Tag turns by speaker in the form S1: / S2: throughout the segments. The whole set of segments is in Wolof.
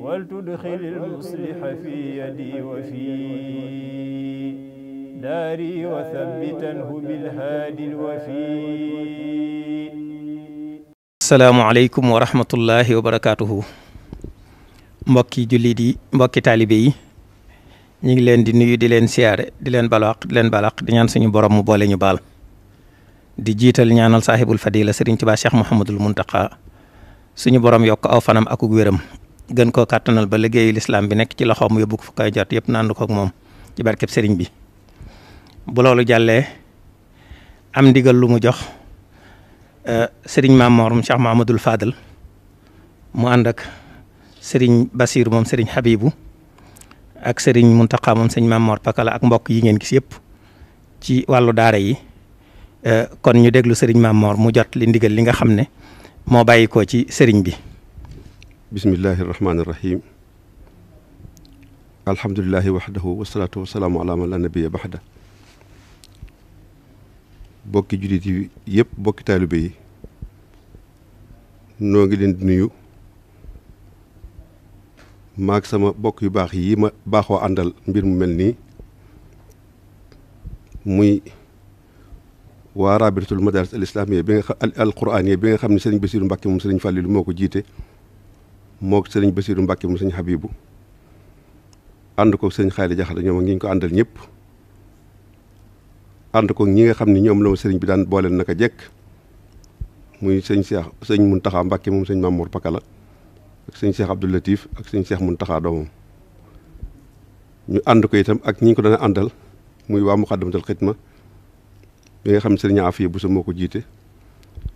S1: ولتدخل المصلح في يدي وفي داري وثبتنه بالهادي الوفي السلام عليكم ورحمة الله وبركاته mbokki jullit yi mbokki taalibe yi ñu ngi leen di nuyu di leen siyaare di leen balaq di leen balaq di ñaan suñu borom mu boole ñu baal di jiital ñaanal saaxibul fadila sëriñ Tuubaa Cheikh Mouhamadul Muntaqa suñu borom yokk aw fanam akuk wéram gën koo kàttanal ba liggéeyu lislaam bi nekk ci loxoom yóbbu ko fu jot yëpp naandu kook moom ci barkeb sëriñ bi buloolu loolu jàllee am ndigal lu mu jox euh, sëriñ maam Moorum Cheikh Fadal mu ànd ak sëriñ Basir moom sëriñ Habibu ak sëriñ Muntaqa moom sëriñ mamoor Moor ak mbokk yi ngeen gis yëpp ci wàllu daara yi euh, kon ñu déglu sëriñ Maam mu jot li ndigal li nga xam ne moo bàyyikoo ci sëriñ bi. bismillahi irrahmaani
S2: irrahim alhamdulilahi waxdahu wasalaatu wasalaamu ala man la nabiya baxda bokki jullit yi bokki taalibe yi noo ngi leen di nuyu maag sama bokk yu baax yi ma baaxoo àndal mbir mu mel nii muy waa rabitatul madaris al bi nga xam al quraaniya bi nga xam ne sëriñ Basiru Mbàkke moom sëriñ Fàllilu moo ko jiite moog sëriñ Basiiru Mbàkke mu sëñ Habibu ànd ko sëñ Xaali Jaxate ñoom ngi ñu ko àndal ñëpp ànd ko ñi nga xam ni ñoom la ma sëriñ bi daan booleel naka jekk muy sëñ Seex sëñ Muntaxa Mbàkke moom sëñ Mamour Pakala ak sëñ Seex Abdou Latif ak sëñ Seex Muntaxa doomam ñu ànd ko itam ak ñi ñu ko daan àndal muy waa Muxaddamatul ma bi nga xam ne sëriñ Afiya bu sa moo ko jiite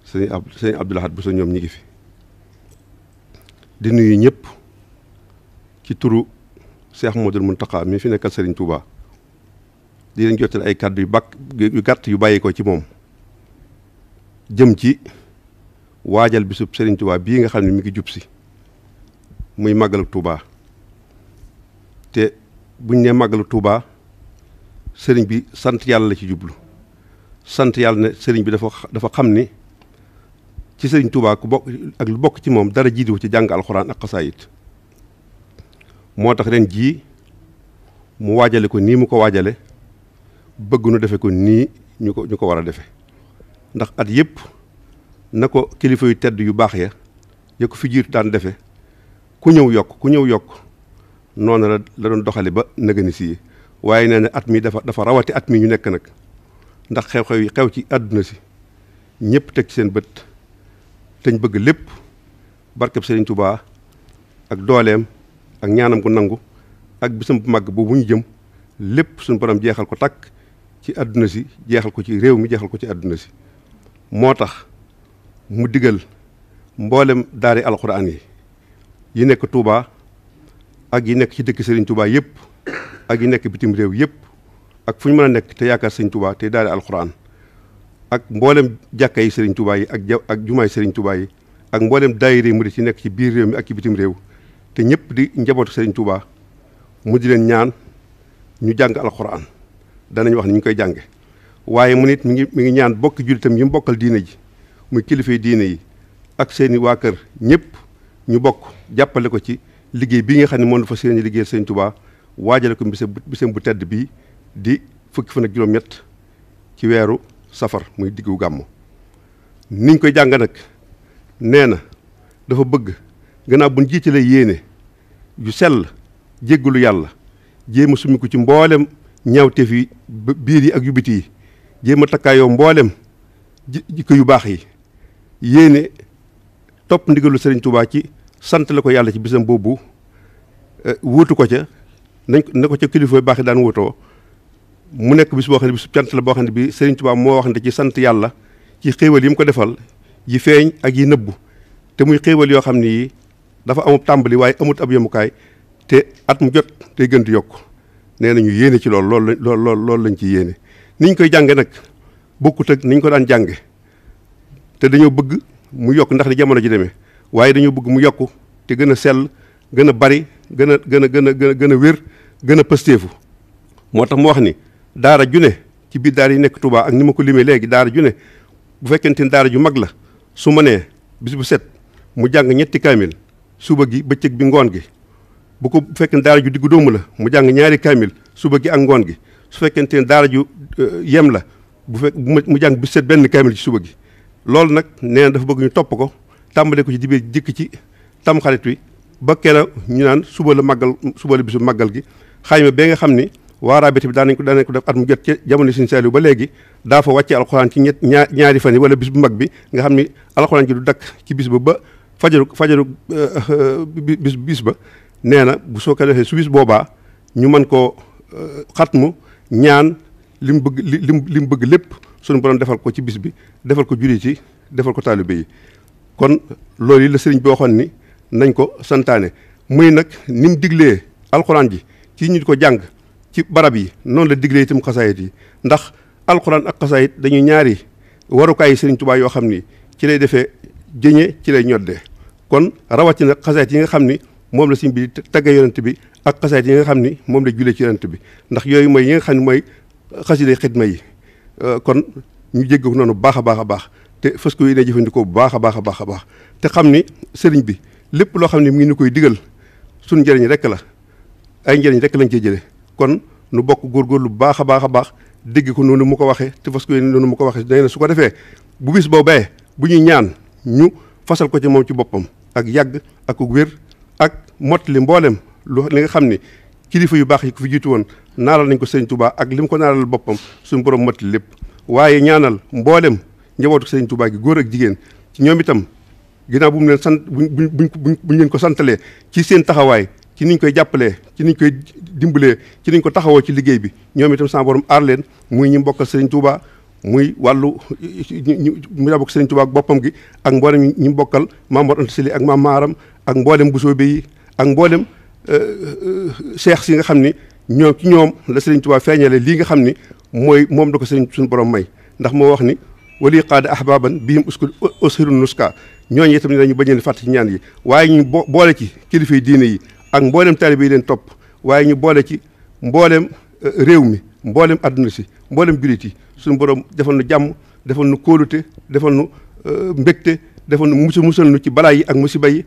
S2: sëñ ab sëñ Abdou Lahad bu sa ñoom ñi ngi fi di nuyu ñëpp ci turu moo Cheikh Modou Mountakha mi fi nekkal Serigne Touba di leen jottali ay kàddu yu bàkk yu gàtt yu bàyyi ko ci moom jëm ci waajal bi bisub sëriñ Touba bii nga xam ne mu ngi jub muy màggalu Touba te buñ ne màggalu Touba sëriñ bi sant yàlla la ci jublu sant yàlla ne sëriñ bi dafa dafa xam ni. ci sëriñ Touba ku bokk ak lu bokk ci moom dara jiitu ci jàng alxuraan ak xasaayit moo tax ren jii mu waajale ko nii mu ko waajale bëgg nu defe ko nii ñu ko ñu ko war a defe ndax at yëpp na ko kilifa yu tedd yu baax ya ya ko fi jiitu daan defe ku ñëw yokk ku ñëw yokk noonu la la doon doxale ba nëgëni si waaye nee na at mi dafa dafa rawati at mi ñu nekk nag ndax xew-xew xew ci àdduna si ñëpp teg ci seen bët teñ bëgg lépp barkeb Serigne tubaa ak dooleem ak ñaanam gu nangu ak bisam bu màgg boobu ñu jëm lépp suñu borom jeexal ko takk ci àdduna si jeexal ko ci réew mi jeexal ko ci àdduna si moo tax mu digal mboolem daari alxuraan yi yi nekk Touba ak yi nekk ci dëkk Serigne Touba yëpp ak yi nekk bitim réew yëpp ak fu ñu mën a nekk te yaakaar Serigne Touba te daari alxuraan ak mboolem jàkka yi Serigne Touba yi ak ja ak jumaay Serigne Touba yi ak mboolem daayira mu di ci nekk ci biir réew mi ak ci bitim réew te ñëpp di njabootu Serigne Touba mu di leen ñaan ñu jàng alxuraan danañ wax ni ñu koy jànge waaye mu nit mi ngi mi ngi ñaan bokk jullitam yi mu bokkal diine ji muy kilifa diine yi ak seeni waa kër ñëpp ñu bokk jàppale ko ci liggéey bi nga xam ne moom fa seen liggéeyal Serigne Touba waajale ko bisam bisam bu tedd bii di fukki fan ak ci weeru. safar muy diggu gàmmu niñ koy jàng nee na dafa bëgg gannaaw buñ jiitalee yéene yu sell jéggalu yàlla jéem a summi ci mboolem ñaawteef yi biir yi ak yu biti yi jéem a takkaayoo mboolem jikko yu baax yi yéene topp ndigalu Sëriñ Tuubaa ci sant la ko yàlla ci bisam boobu eh, wuutu ko ca nañ na ko ca kilifa yu baax yi daan wutoo mu nekk bis boo xam bi bisu cant la boo xam ne bi Serigne Touba moo wax ne ci sant yàlla ci xéewal yi mu ko defal yi feeñ ak yi nëbbu te muy xéewal yoo xam ni yi dafa amub tàmbali waaye amut ab yemukaay te at mu jot tey gën di yokk nee nañu yéene ci lool lool lool loolu lañ ci yéene niñ koy jànge nag bokkut ak niñ ko daan jànge te dañoo bëgg mu yokk ndax ni jamono ji demee waaye dañoo bëgg mu yokk te gën a sell gën a bari gën a gën a gën a gën a gën a wér gën a pësteefu moo tax mu wax ni daara ju ne ci biir daara yi nekk Touba ak ni ma ko limee léegi daara ju ne bu fekkente ni daara ju mag la su ma nee bis bu set mu jàng ñetti kaamil suba gi bëccëg bi ngoon gi bu ko bu fekkee daara ju diggu doomu la mu jàng ñaari kaamil suba gi ak ngoon gi su fekkente ne daara ju euh, yem la bu fekk mu jàng bis set benn kaamil ci suba gi loolu nag nee na dafa bëgg ñu topp ko tàmbale ko ci dibéer jëkk ci tam wi ba keroog ñu naan suba la màggal suba la màggal gi xayma bee nga xam ni waarabiti bi daanañ ko daanañ ko def at mu jot ci jamono Sëriñ Saaliw ba léegi daa fa wàcce alxuraan ci ñett ñaar ñaari fan yi wala bis bu mag bi nga xam ni alxuraan ji du dakk ci bis ba ba fajaru fajaru euh, euh, bis bis ba nee na bu soo ko defee su bis boobaa ñu mën koo euh, xatmu ñaan li mu bëgg li mu bëgg lépp suñu borom defal ko ci bis bi defal ko jullit yi defal ko taalibe yi kon loolu yi la sëriñ bi waxoon ni nañ ko santaane muy nag ni mu diglee alxuraan ji ci ñu ko jàng ci barab yi noonu la diglee itam xasaayit yi ndax alxuraan ak xasaayit dañuy ñaari warukaay yi Sëriñ Tuubaa yoo xam ni ci lay defee jëñe ci lay ñoddee kon rawatina xasaayit yi nga xam ni moom la sëñ bi di taggee bi ak xasaayit yi nga xam ni moom la julee ci yonent bi ndax yooyu mooy yi nga xam ne mooy xasida xidma yi euh, kon ñu jégg ko noonu baax a baax a baax te fës ko yi ne jëfandikoo bu baax a baax a baax a baax te xam ni sëriñ bi lépp loo xam ne mu ngi ni koy digal suñu njëriñ rek la ay njëriñ rekk lañ cee jëlee kon nu bokk góorgóorlu bu baax a baax a baax dégg ko noonu mu ko waxee te fas ko yéene noonu mu ko waxee day na su ko defee bu bis boo bayee bu ñuy ñaan ñu fasal ko ci moom ci boppam ak yàgg ak wér ak mottali mboolem lu li nga xam ni kilifa yu baax yi ko fi jiitu woon naaral nañ ko sëñ Touba ak li ko naaral boppam suñu borom mottali lépp waaye ñaanal mboolem njabootu sëñ Touba gi góor ak jigéen ci ñoom itam ginnaaw bu mu leen sant buñ buñ buñ leen ko santalee ci seen taxawaay ci niñ koy jàppalee ci niñ koy dimbalee ci niñ ko taxawoo ci liggéey bi ñoom itam sama borom aar leen muy ñu bokkal Serigne Touba muy wàllu mu la bokk boppam gi ak mboolem ñu bokkal Maam Mor Anta ak ma Maaram ak mboolem Bousso bi yi ak mboolem cheikh euh, si nga xam ni ñoom ci ñoom la Serigne Touba feeñale lii nga xam ni mooy moom da ko Serigne suñu borom may ndax moo wax ni wali qaada ahbaban bihim uskul ushiru nuska ñooñu itam ne dañu bañ leen fàtte ci ñaan yi waaye ñu boole ci kilifa yi yi ak mbooleem taalibe yi leen topp waaye ñu boole ci mbooleem euh, réew mi mboolem àdduna si mboolem jullit yi suñu borom defal nu jàmm defal nu kóolute defal nu euh, mbégte defal nu musu musal nu ci balaa yi ak musiba yi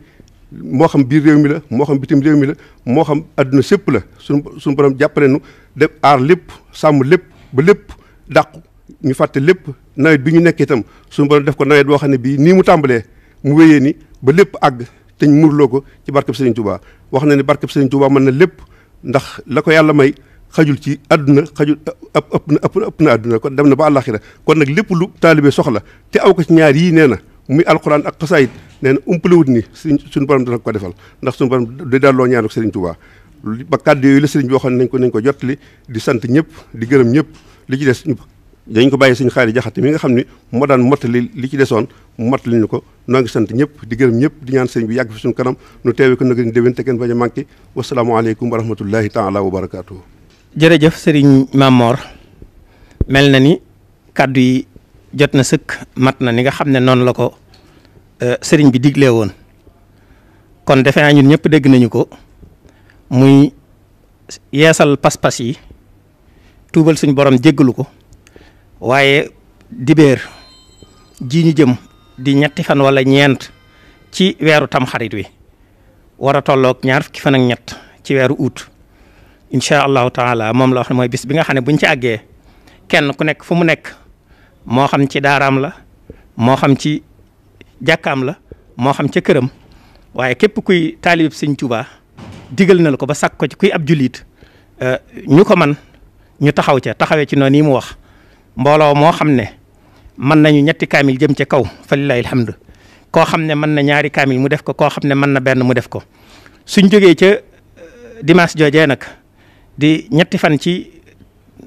S2: mboo xam biir réew mi la moo xam bitim réew mi la moo xam àdduna sépp la suñu suñu borom jàppale nu def aar lépp sàmm lépp ba lépp dàqu ñu fàtte lépp nawet bi ñu nekkee itam suñu borom def ko nawet boo xam ne bii nii mu tàmbalee mu wéyee nii ba lépp àgg te ñu muurloo ko ci barkeb Serigne Touba wax na ne barkeb Serigne Touba mën na lépp ndax la ko yàlla may xajul ci àdduna xajul ëpp na ëpp na àdduna kon dem na ba àllaaxira kon nag lépp lu taalibe soxla te aw ci ñaar yii nee na muy alxuraan ak xasaayit nee na wut ni suñ suñu borom dana ko defal ndax suñu borom day daal loo ñaan ak Serigne Touba ba kàddu yooyu la Serigne bi waxoon nañ ko nañ ko jottali di sant ñëpp di gërëm ñëpp li ci des dañ ko bàyyi suñu xaari jaxate mi nga xam ne moo daan mottali li ci desoon mottali ñu ko noo ngi sant ñëpp di gërëm ñëpp di ñaan sëñ bi yàgg fi suñu kanam nu teewee ko nag déwén te kenn bañ a manqué wasalaamaaleykum wa rahmatullahi taala wa barakaatu.
S1: jërëjëf sëriñ Mamor mel na ni kàddu yi jot na sëkk mat na ni nga xam ne noonu la ko euh, sëriñ bi diglee woon kon defe naa ñun ñëpp dégg nañu ko muy yeesal pas-pas yi tuubal suñ borom jéggalu ko waaye dibeer ji ñu jëm di ñetti fan wala ñeent ci weeru tamxarit wi war a tolloog ñaar fukki fan ak ñett ci weeru août incha allahu taala moom la wax ne mooy bis bi nga xam ne buñ ci àggee kenn ku nekk fu mu nekk moo xam ci daaraam la moo xam ci jàkkaam la moo xam ca këram waaye képp kuy taalib sëñ Tuubaa digal na ko ba sàkk ko ci kuy ab jullit euh, ñu ko man ñu taxaw ca taxawee ci noonu yi mu wax mbooloo moo xam ne mën nañu ñetti kaamil jëm ca kaw fa lillahi alhamdu koo xam ne mën na ñaari kaamil mu def ko koo xam ne mën na benn mu def ko suñ jógee ca euh, dimanche joojee nag di ñetti fan ci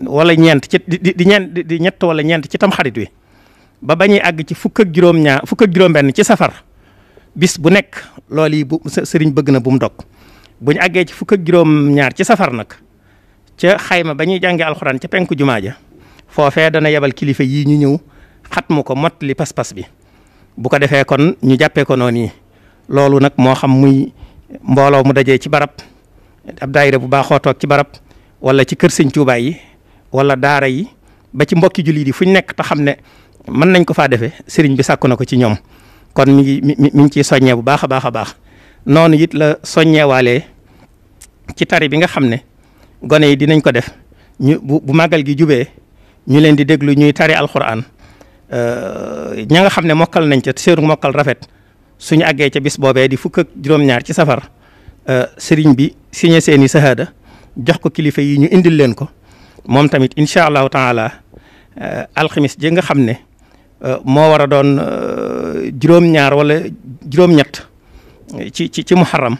S1: wala ñeent ci di ñeent di ñeent ci tam xarit wi ba bañuy àgg ci fukk juróom-ñaar fukk juróom-benn ci safar bis bu nekk loolu bëgg na bu mu dog bu àggee ci fukk ak ci safar nag ca xayma ba ñuy jàngee alxuraan ca penku jumaa ja foofee dana yebal kilifa yii ñu ñëw xat mu ko mot li pas-pas bi bu ko defee kon ñu jàppee ko noonu yi loolu nag moo xam muy mbooloo mu dajee ci barab ab daayira bu baaxoo toog ci barab wala ci kër sëñ Tuubaa yi wala daara yi ba ci mbokki jullit yi fu ñu nekk te xam ne mën nañ ko faa defee sëriñ bi sàkku na ko ci ñoom kon mi ngi mi mi ngi ci soññee bu baax a baax a baax noonu it la soññeewaalee ci tari bi nga xam ne gone yi dinañ ko def ñu bu bu gi jubee ñu leen di déglu ñuy tari alxuraan ña nga xam ne mokkal nañ ca seenu mokkal rafet suñu àggee ca bis boobee di fukk ak juróom-ñaar ci safar euh, sëriñ bi signé seeni sahada jox ko kilifa yi ñu indil leen ko moom tamit incha allahu taala euh, alxamis ji nga xam ne euh, moo war a doon juróom-ñaar wala juróom-ñett ci ci ci muharram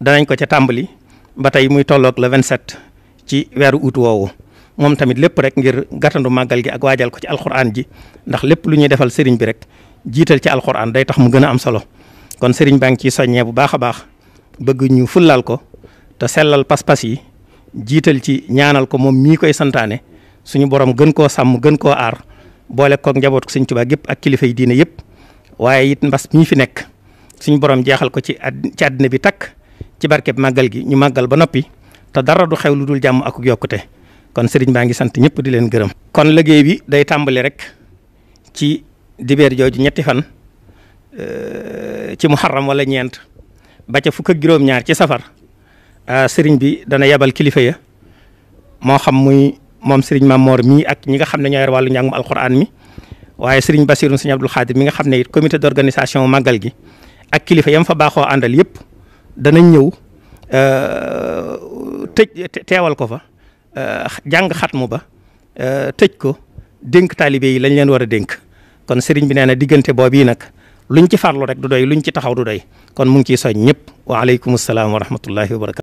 S1: danañ ko ca tàmbali ba tey muy la le 27 ci weeru août woowu. moom tamit lépp rek ngir gàttandu màggal gi ak waajal ko ci alxuraan ji ndax lépp lu ñuy defal sëriñ bi rek jiital ci alxuraan day tax mu gën a am solo kon sëriñ baa ngi ciy soññee bu baax a baax bëgg ñu fullaal ko te sellal pas-pas yi jiital ci ñaanal ko moom mii koy santaane suñu borom gën koo sàmm gën koo aar boole koog njaboot ko sëriñ Tuubaa gépp ak kilifa yi diine yëpp waaye it mbas mii fi nekk suñu borom jeexal ko ci ci àddina bi takk ci barkeb màggal gi ñu màggal ba noppi te dara du xew lu dul jàmm ak yokkute kon sëriñ maa ngi sant ñëpp di leen gërëm. kon liggéey bi day tàmbali rek ci dibeer jooju ñetti fan euh, ci muharram wala ñeent ba ca fukk ak ñaar ci safar euh, sëriñ bi dana yebal kilifa ya moo xam muy moom sëriñ Mamor mii ak ñi nga xam ne ñoo wàllu njàngum alxuraan mi waaye sëriñ Bassirou sëriñ Abdul Xaadir mi nga xam ne it comité d'organisation màggal gi ak kilifa yam fa baaxoo àndal yëpp danañ ñëw euh, tëj teewal ko fa. Euh, jàng xatmu ba euh, tëj ko dénk taalibe yi lañ leen war a dénk kon sëriñ bi nee na diggante boobu yi nag luñ ci farlu rek du doy luñ ci taxaw du doy kon mu ngi ciy soñ ñëpp waaleykum salaam wa rahmatullahi wa barakatu